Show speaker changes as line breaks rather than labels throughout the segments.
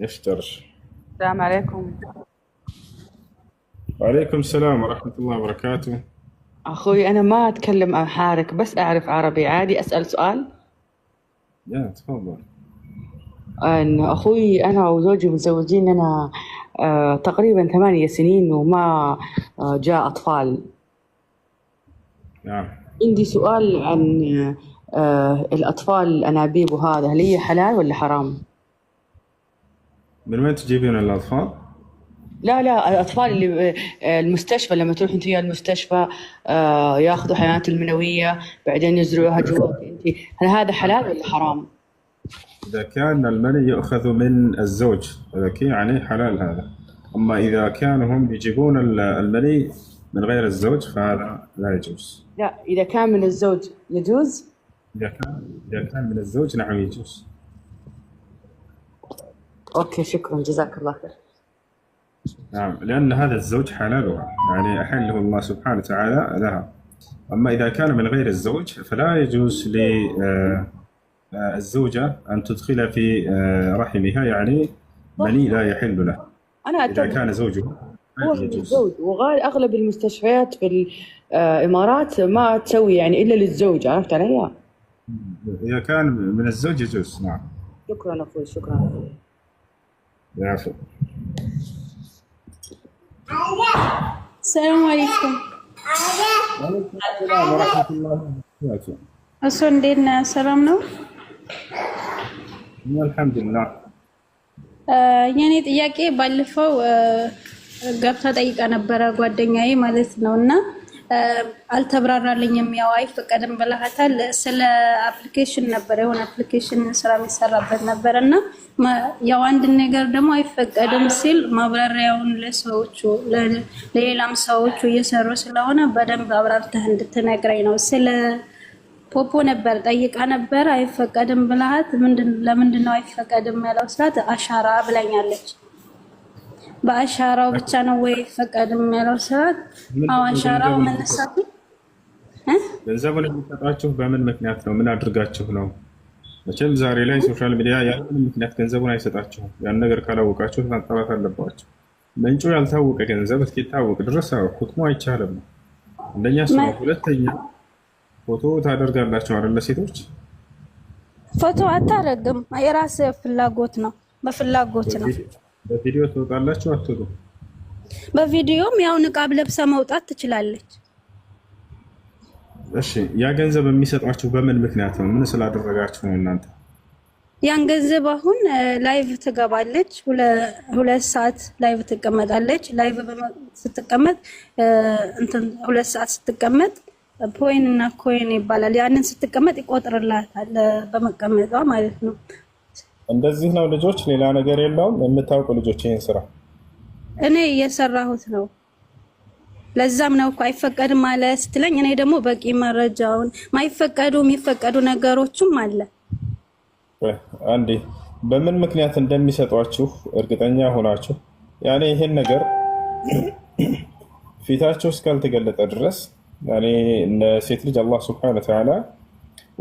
افطر السلام عليكم وعليكم السلام ورحمة الله
وبركاته أخوي أنا ما أتكلم أمحارك بس أعرف عربي عادي أسأل سؤال
يا تفضل
أن أخوي أنا وزوجي متزوجين أنا آه تقريبا ثمانية سنين وما آه، جاء أطفال نعم عندي سؤال عن آه الأطفال الأنابيب وهذا هل هي حلال ولا حرام؟
من وين تجيبين الاطفال؟
لا لا الاطفال اللي آه، المستشفى لما تروح انت يا المستشفى آه، ياخذوا حيوانات المنويه بعدين يزرعوها جوا انت هل هذا حلال ولا حرام؟
اذا كان المني يؤخذ من الزوج ذكي يعني حلال هذا اما اذا كانوا هم يجيبون المني من غير الزوج فهذا
لا يجوز لا اذا كان من الزوج يجوز؟
اذا كان اذا كان من الزوج نعم يجوز
اوكي شكرا جزاك الله خير
نعم لأن هذا الزوج حلالها يعني أحله الله سبحانه وتعالى لها أما إذا كان من غير الزوج فلا يجوز للزوجة آه، أن تدخل في آه، رحمها يعني مني لا يحل له أنا إذا كان زوجها
هو الزوج وغالب اغلب المستشفيات في الامارات آه، ما تسوي يعني الا للزوج عرفت علي؟
اذا كان من الزوج يجوز نعم
شكرا اخوي شكرا أخوي.
ሰላም አለይኩም። እሱ እንዴት ነህ? ሰላም ነው።
አልሐምዱሊላህ።
የኔ ጥያቄ ባለፈው ገብታ ጠይቃ ነበረ ጓደኛዬ ማለት ነው እና አልተብራራልኝም። ያው አይፈቀድም ብለሃታል። ስለ አፕሊኬሽን ነበር የሆነ አፕሊኬሽን ስራ የሚሰራበት ነበር እና ያው አንድ ነገር ደግሞ አይፈቀድም ሲል ማብራሪያውን ለሰዎቹ ለሌላም ሰዎቹ እየሰሩ ስለሆነ በደንብ አብራርተህ እንድትነግረኝ ነው። ስለ ፖፖ ነበር ጠይቃ ነበር። አይፈቀድም ብለሃት ለምንድን ነው አይፈቀድም ያለው ስላት አሻራ ብላኛለች። በአሻራው ብቻ ነው ወይ ፈቃድ የሚያለው ስርዓት? አዎ አሻራው መነሳቱ።
ገንዘቡ ላይ የሚሰጣችሁ በምን ምክንያት ነው? ምን አድርጋችሁ ነው? መቼም ዛሬ ላይ ሶሻል ሚዲያ ያንን ምክንያት ገንዘቡን አይሰጣችሁም። ያን ነገር ካላወቃችሁ ማጣራት አለባችሁ። ምንጩ ያልታወቀ ገንዘብ እስኪታወቅ ድረስ ሁክሙ አይቻልም ነው አንደኛ። ሁለተኛ ፎቶ ታደርጋላችሁ አይደለ? ሴቶች
ፎቶ አታደርግም። የራስ ፍላጎት ነው፣ በፍላጎት
ነው በቪዲዮ ትወጣላችሁ አትወጡም?
በቪዲዮም ያው ንቃብ ለብሳ መውጣት ትችላለች።
እሺ ያ ገንዘብ የሚሰጧችሁ በምን ምክንያት ነው? ምን ስላደረጋችሁ ነው እናንተ?
ያን ገንዘብ አሁን ላይቭ ትገባለች፣ ሁለት ሰዓት ላይቭ ትቀመጣለች። ላይቭ ስትቀመጥ ሁለት ሰዓት ስትቀመጥ ፖይን እና ኮይን ይባላል። ያንን ስትቀመጥ ይቆጥርላታል፣ በመቀመጧ ማለት ነው።
እንደዚህ ነው ልጆች፣ ሌላ ነገር የለውም። የምታውቁ ልጆች ይህን ስራ
እኔ እየሰራሁት ነው። ለዛም ነው እኮ አይፈቀድም ማለት ስትለኝ፣ እኔ ደግሞ በቂ መረጃውን ማይፈቀዱ የሚፈቀዱ ነገሮችም አለ።
አንዴ በምን ምክንያት እንደሚሰጧችሁ እርግጠኛ ሆናችሁ ያኔ ይሄን ነገር ፊታችሁ እስካልተገለጠ ድረስ ያኔ ልጅ አላህ ስብሐነ ወተዓላ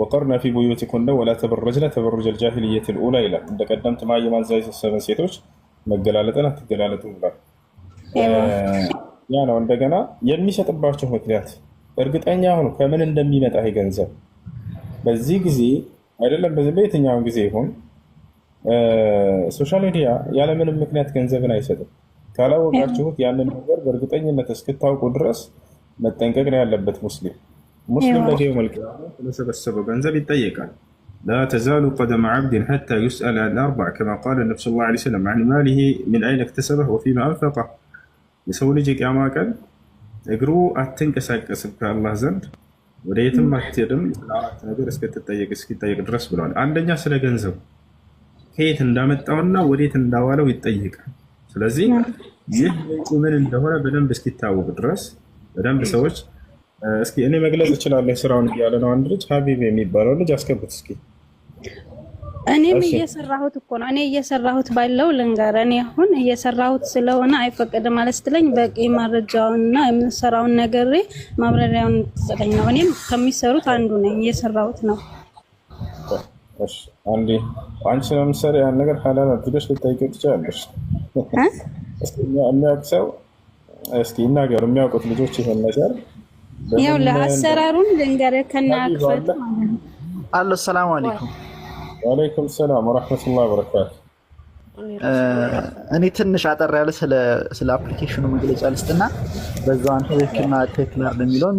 ወቀርና ፊ ቡዩቲኩነ ወላ ተበረጅነ ተበሩጀ ልጃሂልየት ልኡላ ይላል። እንደ ቀደምት ማየ ማንዛይሰሰበን ሴቶች መገላለጥን አትገላለጡ ብሏል። ያ ነው። እንደገና የሚሰጥባቸው ምክንያት እርግጠኛ ሁኑ ከምን እንደሚመጣ ገንዘብ በዚህ ጊዜ አይደለም፣ በየትኛውን ጊዜ ይሁን ሶሻል ሚዲያ ያለምንም ምክንያት ገንዘብን አይሰጥም። ካላወቃችሁት ያንን ነገር በእርግጠኝነት እስክታውቁ ድረስ መጠንቀቅ ነው ያለበት ሙስሊም مسلم لك يوم القيامه نسب انزل الضيقة لا تزال قدم عبد حتى يسال الاربع كما قال النبي صلى الله عليه وسلم عن ماله من اين اكتسبه وفيما انفقه يسوي لك يا ماكل اقرو اتنكس اكسبك الله زند وريتم احترم تقدر اسكت تتضيق اسكت تضيق درس بلون عندنا سلا جنزب كيف اندامتاونا وريت اندوالو يتضيق ስለዚህ ይህ ምን እንደሆነ በደንብ እስኪታወቅ ድረስ በደንብ ሰዎች እስኪ እኔ መግለጽ እችላለሁ ስራውን እያለ ነው አንድ ልጅ ሀቢብ የሚባለው ልጅ አስገቡት እስኪ
እኔም እየሰራሁት እኮ ነው እኔ እየሰራሁት ባለው ልንገር እኔ አሁን እየሰራሁት ስለሆነ አይፈቀድም ማለት ስትለኝ በቂ መረጃውንና የምሰራውን ነገር ማብራሪያውን ትሰጠኝ ነው እኔም ከሚሰሩት አንዱ ነኝ እየሰራሁት ነው
አንዴ አንቺ ለምሳሌ ያን ነገር ሀላል አድርገሽ ልጠይቂው ትችላለሽ የሚያውቅ ሰው እስኪ ይናገሩ የሚያውቁት ልጆች ይሄን ነገር
ያው ለአሰራሩን ልንገርህ ከና
አለ። ሰላም
አለይኩም። ወአለይኩም ሰላም ወራህመቱላሂ ወበረካቱ።
እኔ ትንሽ አጠር ያለ ስለ ስለ አፕሊኬሽኑ መግለጫ ልስጥና በዛው አንተ ትክክልና ትክክል አይደል የሚለውን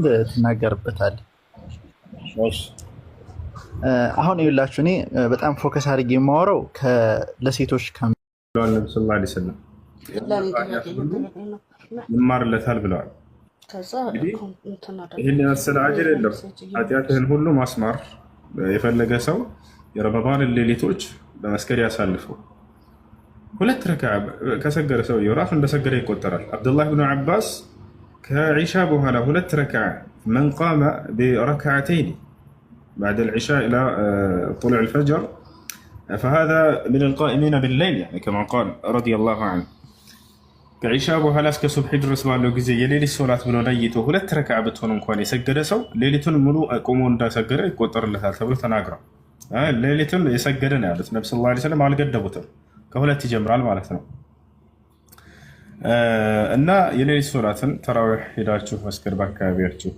አሁን ይኸውላችሁ እኔ በጣም ፎከስ አድርጌ የማወራው ለሴቶች ከምለዋል
ነብ ስ ላ ስለም ይማርለታል ብለዋል ይህን የመሰለ አጅር የለም። ኃጢአትህን ሁሉ ማስማር የፈለገ ሰው የረመዳንን ሌሊቶች በመስገድ ያሳልፈው። ሁለት ረካ ከሰገደ ሰውየው ራሱ እንደሰገደ ይቆጠራል። አብዱላህ ብኑ ዓባስ ከዒሻ በኋላ ሁለት ረካ መን ቃመ ብረካዓተይን ባዕድ ልዒሻ ኢላ ጡሉዕ ልፈጅር ፈሃዛ ምን ልቃኢሚና ብለይል ከመን ቃል ረዲየላሁ አንሁ ከኢሻ በኋላ እስከ ሱብሒ ድረስ ባለው ጊዜ የሌሊት ሶላት ብሎ ለይቶ ሁለት ረክዓ ብትሆን እንኳን የሰገደ ሰው ሌሊቱን ሙሉ ቆሞ እንዳሰገደ ይቆጠርለታል ተብሎ ተናግረው ሌሊቱን የሰገደ ነው ያሉት ነቢ ሰለላሁ ዓለይሂ ወሰለም አልገደቡትም። ከሁለት ይጀምራል ማለት ነው እና የሌሊት ሶላትን ተራዊሕ ሄዳችሁ መስገድ በአካባቢያችሁ።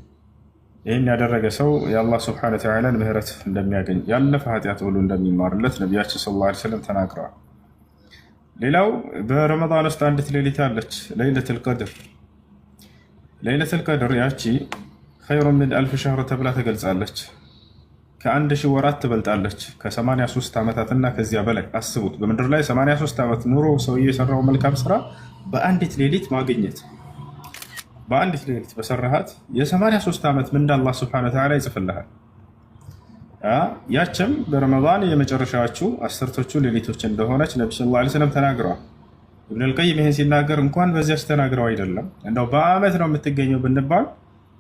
ይህን ያደረገ ሰው የአላህ ስብሐነ ወተዓላን ምህረት እንደሚያገኝ ያለፈ ኃጢአት ብሎ እንደሚማርለት ነቢያችን ሰለላሁ ዓለይሂ ወሰለም ተናግረዋል። ሌላው በረመዳን ውስጥ አንዲት ሌሊት አለች፣ ለይለቱል ቀድር። ለይለቱል ቀድር ያቺ ኸይሩ ምን አልፍ ሸህር ተብላ ተገልጻለች። ከአንድ ሺህ ወራት ትበልጣለች፣ ከ83 ዓመታትና ከዚያ በላይ አስቡት። በምድር ላይ 83 ዓመት ኑሮ ሰውዬ የሰራው መልካም ስራ በአንዲት ሌሊት ማግኘት፣ በአንዲት ሌሊት በሰራሃት የ83 ዓመት ምንዳ አላህ ስብሐነ ወተዓላ ይጽፍልሃል። ያችም በረመዳን የመጨረሻዎቹ አስርቶቹ ሌሊቶች እንደሆነች ነቢ ሰለላሁ ዐለይሂ ወሰለም ተናግረዋል። ኢብኑል ይህን ሲናገር እንኳን በዚያች ተናግረው አይደለም እንደው በአመት ነው የምትገኘው ብንባል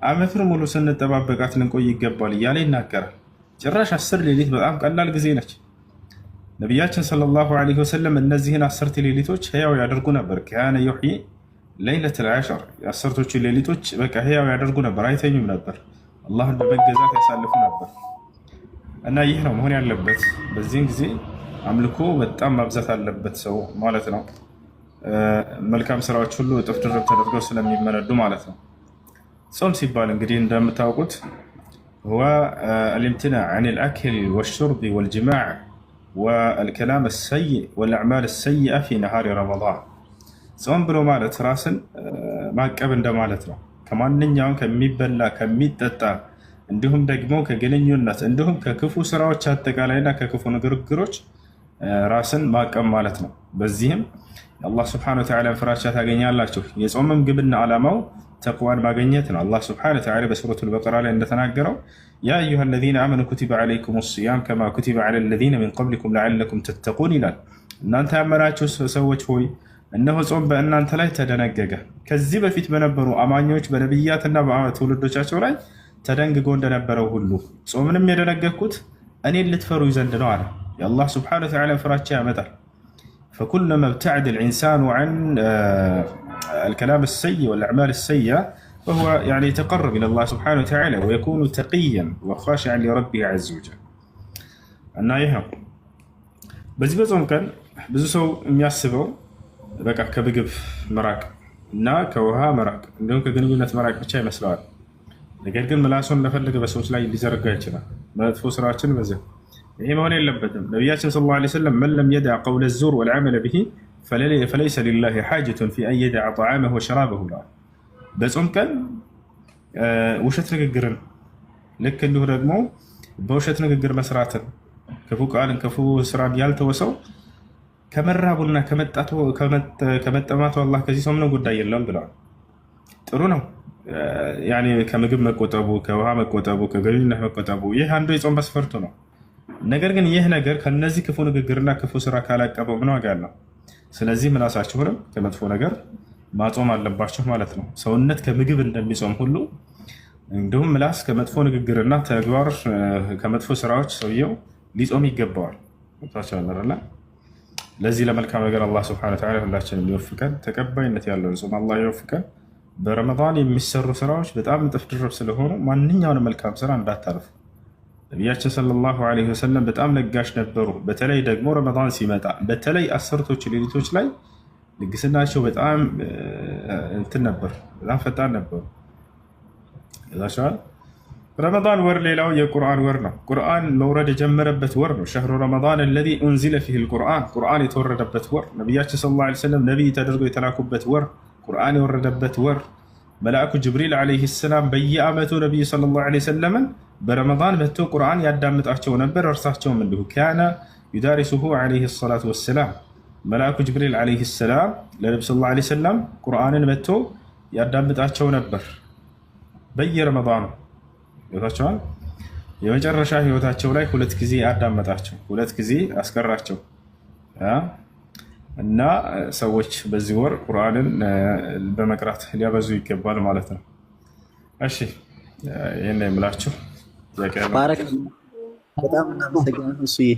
አመቱን ሙሉ ስንጠባበቃት ልንቆይ ይገባል እያለ ይናገራል። ጭራሽ አስር ሌሊት በጣም ቀላል ጊዜ ነች። ነቢያችን ሰለላሁ ዐለይሂ ወሰለም እነዚህን አስርት ሌሊቶች ህያው ያደርጉ ነበር። ከያነ ዩሕይ ለይለተል ዓሸር የአስርቶቹ ሌሊቶች በቃ ህያው ያደርጉ ነበር፣ አይተኙም ነበር። አላህን በመገዛት ያሳልፉ ነበር። እና ይህ ነው መሆን ያለበት። በዚህን ጊዜ አምልኮ በጣም ማብዛት አለበት ሰው ማለት ነው። መልካም ስራዎች ሁሉ እጥፍ ድርብ ተደርገው ስለሚመለዱ ማለት ነው። ጾም ሲባል እንግዲህ እንደምታውቁት هو الامتناع عن الأكل والشرب والجماع والكلام السيء والأعمال السيئة في نهار ጾም ብሎ ማለት ራስን ማቀብ እንደማለት ነው። ከማንኛውም ከሚበላ ከሚጠጣ እንዲሁም ደግሞ ከግንኙነት እንዲሁም ከክፉ ስራዎች አጠቃላይና ከክፉ ንግግሮች ራስን ማቀም ማለት ነው። በዚህም የአላህ ስብሐነ ወተዓላ ፍራቻ ታገኛላችሁ። የጾምም ግብና ዓላማው ተቅዋን ማግኘት ነው። አላህ ስብሐነ ወተዓላ በሱረቱል በቀራ ላይ እንደተናገረው ያ አዩሃ ለዚነ አመኑ ኩቲበ ዓለይኩም ስያም ከማ ኩቲበ ዓለ ለዚነ ሚን ቀብሊኩም ለዓለኩም ተተቁን ይላል። እናንተ ያመናችሁ ሰዎች ሆይ እነሆ ጾም በእናንተ ላይ ተደነገገ ከዚህ በፊት በነበሩ አማኞች በነቢያትና በትውልዶቻቸው ላይ ተደንግጎ እንደነበረው ሁሉ ጾምንም የደነገግኩት እኔን ልትፈሩኝ ዘንድ ነው አለ። የአላህ ስብሓነሁ ወተዓላ ፍራቻ ያመጣል። ፈኩለማ ብተዕድ ልኢንሳኑ ን الكلام السيء والأعمال السيئة فهو يعني يتقرب إلى الله سبحانه وتعالى ويكون تقيا وخاشعا لربه عز وجل እና ይህ ነው። በዚህ በጾም ቀን ብዙ ሰው የሚያስበው በቃ ከምግብ መራቅ እና ከውሃ መራቅ እንዲሁም ከግንኙነት መራቅ ብቻ ይመስለዋል። ነገር ግን ምላሱን ለፈለገ በሰዎች ላይ ሊዘረጋ ይችላል። መጥፎ ስራዎችን በዘ ይሄ መሆን የለበትም። ነቢያችን ሰለላሁ ዐለይሂ ወሰለም መን ለም የድዕ ቀውለ ዙር ወልዓመለ ብሂ ፈለይሰ ሊላሂ ሓጀቱን ፊ አን የድዕ ወሸራበሁ ብለዋል። በጾም ቀን ውሸት ንግግርን ልክ እንዲሁ ደግሞ በውሸት ንግግር መስራትን ክፉ ቃልን ክፉ ስራን ያልተወሰው ከመራቡና ከመጠማቱ አላህ ከዚህ ሰው ምንም ጉዳይ የለውም ብለዋል። ጥሩ ነው። ከምግብ መቆጠቡ፣ ከውሃ መቆጠቡ፣ ከግንኙነት መቆጠቡ ይህ አንዱ የጾም መስፈርቱ ነው። ነገር ግን ይህ ነገር ከነዚህ ክፉ ንግግርና ክፉ ስራ ካላቀበው ምን ዋጋ አለው? ስለዚህ ምላሳችሁንም ከመጥፎ ነገር ማጾም አለባችሁ ማለት ነው። ሰውነት ከምግብ እንደሚጾም ሁሉ እንዲሁም ምላስ ከመጥፎ ንግግርና ተግባር ከመጥፎ ስራዎች ሰውየው ሊጾም ይገባዋል። ታቸዋለርና ለዚህ ለመልካም ነገር አላህ ስብሐነሁ ወተዓላ ሁላችንም ይወፍቀን። ተቀባይነት ያለውን ጾም አላህ ይወፍቀን። በረመዳን የሚሰሩ ስራዎች በጣም እጥፍ ድርብ ስለሆኑ ማንኛውንም መልካም ስራ እንዳታርፉ። ነቢያችን ሰለላሁ ዐለይሂ ወሰለም በጣም ለጋሽ ነበሩ። በተለይ ደግሞ ረመዳን ሲመጣ በተለይ አሰርቶቹ ሌሊቶች ላይ ልግስናቸው በጣም እንትን ነበር፣ በጣም ፈጣን ነበሩ። ዛቸዋል ረመዳን ወር ሌላው የቁርአን ወር ነው። ቁርአን መውረድ የጀመረበት ወር ነው። ሸህሩ ረመዳን አለዚ ኡንዚለ ፊህ ልቁርአን ቁርአን የተወረደበት ወር ነቢያችን ሰለላሁ ዐለይሂ ወሰለም ነቢይ ተደርጎ የተላኩበት ወር ቁርአን የወረደበት ወር መልአኩ ጅብሪል ዓለይሂ ሰላም በየአመቱ ነቢዩ ሰለላሁ ዓለይሂ ወሰለምን በረመዳን መጥቶ ቁርአን ያዳምጣቸው ነበር። እርሳቸውም እንዲሁ ካነ ዩዳሪሱሁ ዓለይሂ ሰላቱ ወሰላም መላእኩ ጅብሪል ዓለይሂ ሰላም ለነቢ ሰለላሁ ዓለይሂ ወሰለም ቁርአንን መጥቶ ያዳምጣቸው ነበር በየረመዳኑ ታቸዋል። የመጨረሻ ህይወታቸው ላይ ሁለት ጊዜ አዳመጣቸው፣ ሁለት ጊዜ አስቀራቸው። እና ሰዎች በዚህ ወር ቁርአንን በመቅራት ሊያበዙ ይገባል ማለት ነው። እሺ ይህን የምላችሁ
በጣም እናመሰግናለን እሱዬ